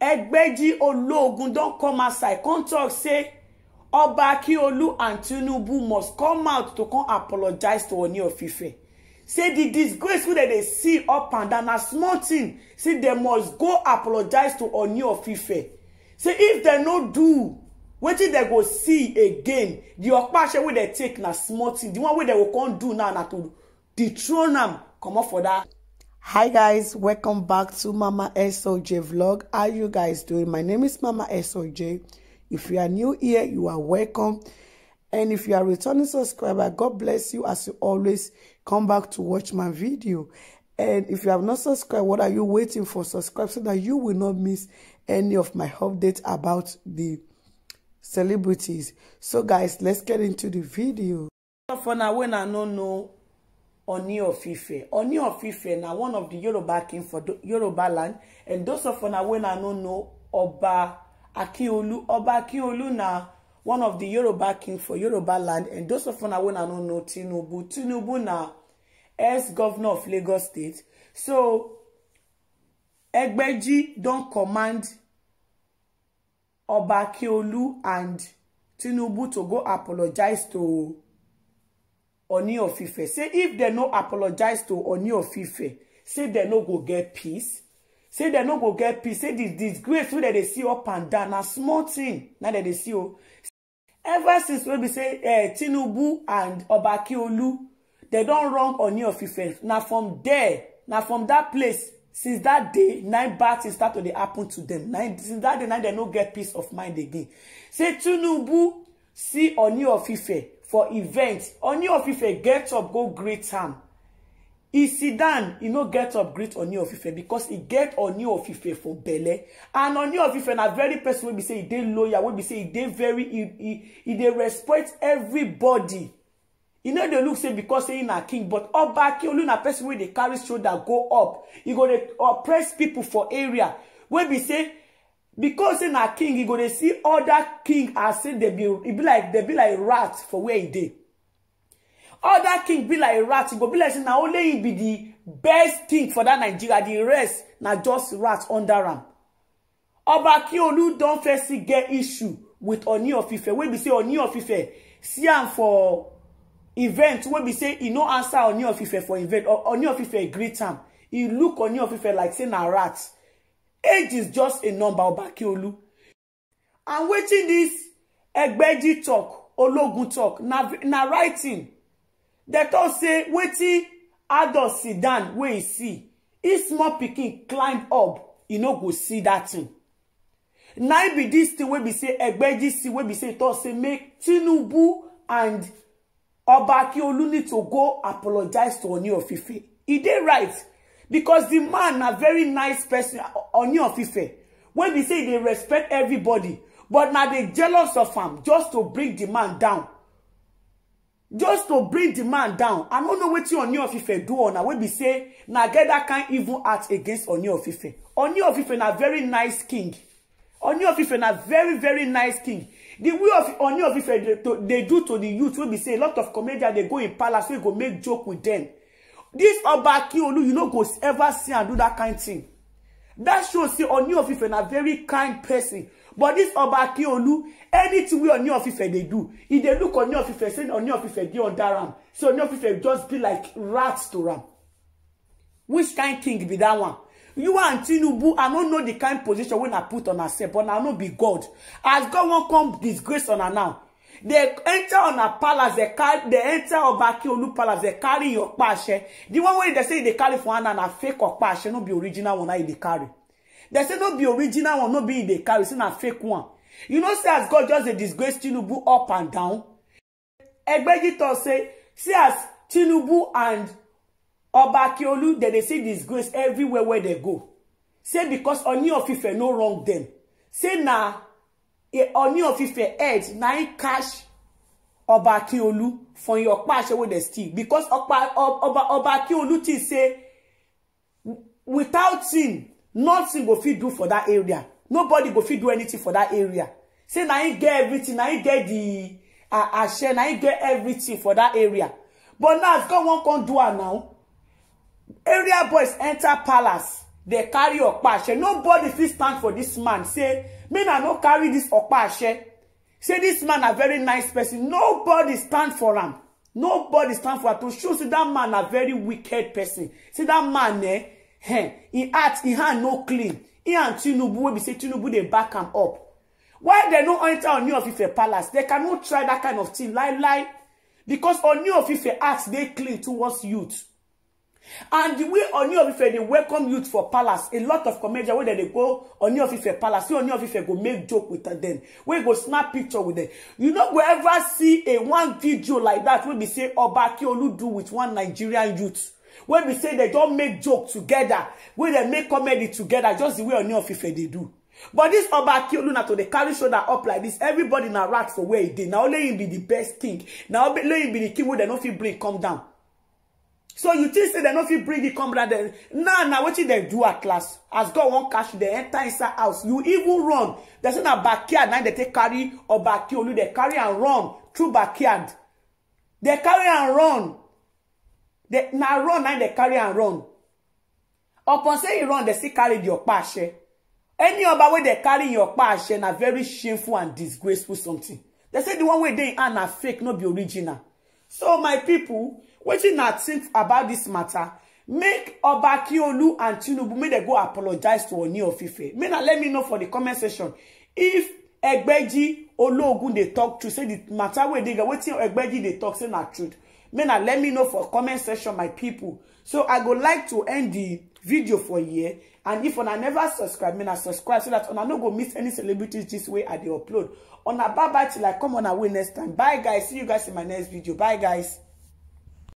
Egbeji Ologun don come outside, come talk say Oba Akiolu and Tinubu must come out to come apologize to Oni of Ife. Say the disgrace wey dem dey see up and down na small thing. Say dem must go apologize to Oni of Ife. Say if dem no do wetin dem go see again, the okpashe wey dem take na small thing. The one wey dem go come do now na to dethrone am comot for that hi guys welcome back to mama soj vlog how you guys doing my name is mama soj if you are new here you are welcome and if you are returning subscriber god bless you as you always come back to watch my video and if you have not subscribed what are you waiting for subscribe so that you will not miss any of my updates about the celebrities so guys let's get into the video for now when i don't know Oni ofife, Oni ofife, Ife na one of the Yoruba king for the, Yoruba land. And those of una when I no know Oba Akiolu, Oba Akiolu na one of the Yoruba king for Yoruba land. And those of una when I no know Tinubu, Tinubu na ex-governor of Lagos State. So Egbeji don command Oba Akiolu and Tinubu to go apologize to Oni of Ife. Say if they no apologize to Oni of Ife, say they no go get peace. Say they no go get peace. Say this disgrace wey they see up and down. A small thing. Now that they see oh. Ever since when we say eh, Tinubu and Obakiolu, they don't wrong Oni of Ife. Now from there, now from that place, since that day nine bad things start to happen to dem since that day nine they no get peace of mind again say tinubu see oni of ife for event Ooni of get up go greet am e sit down e no get up greet Ooni of because e get Ooni of for belle and Ooni of na very person wey be say e dey loyal wey be say e dey very e e dey respect everybody e no dey look say because say e na king but Oba Akeolu na person wey dey carry shoulder go up e go dey oppress people for area wey be say because say na king you go dey see other king as say they be it e be like they be like rat for where he dey other king be like rat e go be like say na only e be the best thing for that nigeria The rest na just rat under am oba kiolu don first get issue with oni of ife wey be say oni of see him for event wey be say he no answer oni of for event oni of ife greet am He look oni of like say na rat age is just a number Obakiolu. and wetin dis Egbeji talk Ologun talk na na writing dem talk say wetin adult sit down wey e see if small pikin climb up e no go see dat thing na be dis thing wey be say Egbeji see wey be say e talk say make Tinubu and Obakiolu need to go apologize to Oni of Ife e dey right because the man na very nice person Oni of Ife wey be say they respect everybody but na dey jealous of am just to bring the man down just to bring the man down i no know wetin Oni of Ife do una wey be say na get that kind evil act against Oni of Ife Oni of Ife na very nice king Oni of Ife na very very nice king the way of Oni of Ife dey dey do to the youth wey be say a lot of comedians dey go in palace wey go make joke with them this Oba Akinolu you no go ever see am do that kind thing. Of that shows say Oni of na very kind person but this Oba Akiolu anything we Oni of they do if e they look Oni of Ife say Oni of Ife dey under am so Oni of just be like rats to ram. which kind thing be that one you and tinubu i don't know the kind position when I put on herself but I no be god as god wan come disgrace on her now They enter on a palace, they carry, they enter Obakiolu palace, they carry your pashe. The one way they say they carry for hand and a fake or pashe, no be original one I they e carry. They say no be original one, no be they e carry, say a fake one. You know, say as God just a disgrace Tinubu up and down. Egbegito say, see as Tinubu and Obakiolu, they, they say disgrace everywhere where they go. Say because Oni of Ife no wrong them. Say na Oni of Ife head nine cash Oba Akiolu from your past with the stick because Oba Oba Oba Akiolu ti say without him nothing go fit do for that area nobody go fit do anything for that area say na him get everything na him get the uh, àṣẹ na him get everything for that area but now God wan come do am now area boys enter palace dey carry okpashe nobody fit stand for dis man say make i no carry dis okpashe say dis man na very nice person nobody stand for am nobody stand for am to show say dat man na very wicked person say dat man eh eh im heart im hand no clean im and tinubu wey be say tinubu dey back am up why dem no enter oni of ife palace dem cannot try dat kind of thing lie lie because oni of ife heart dey clean towards youth And the way Oni ofife they welcome youth for palace. A lot of comedians, where they go, Oni ofife palace, see Oni ofife go make joke with them. Where go snap picture with them. You know, wherever see a one video like that, we be say, Oba Akiolu do with one Nigerian youth. Where we say they don't make joke together, where they make comedy together, just the way Oni ofife they do. But this Oba Akiolu na to dey carry shoulder up like this, everybody na rack for where e dey. Na only him be the best king. Now let him be the king Where they don't feel bring come down so you think say dem no fit bring di comrade dem now what wetin dem do at last as god won't catch you they enter inside house you even run dem say na backyard Now they take carry oba akiolu they carry and run through backyard They carry and run They now run Now they carry and run upon say you run they still carry your opa any other way they carry your opa ase na very shameful and disgraceful something They say the one way they are not fake not be original so my people wetin I think about this matter make oba and tinubu make they go apologize to oni of ife make na let me know for the comment section if egbeji ologun they talk to say the matter wey dey get wetin egbeji they talk say not truth make na let me know for comment section my people. so i go like to end the video for here and if una never subscribe make na subscribe so that una no go miss any celebrities this way i dey upload una bye bye till i come on away next time bye guys see you guys in my next video bye guys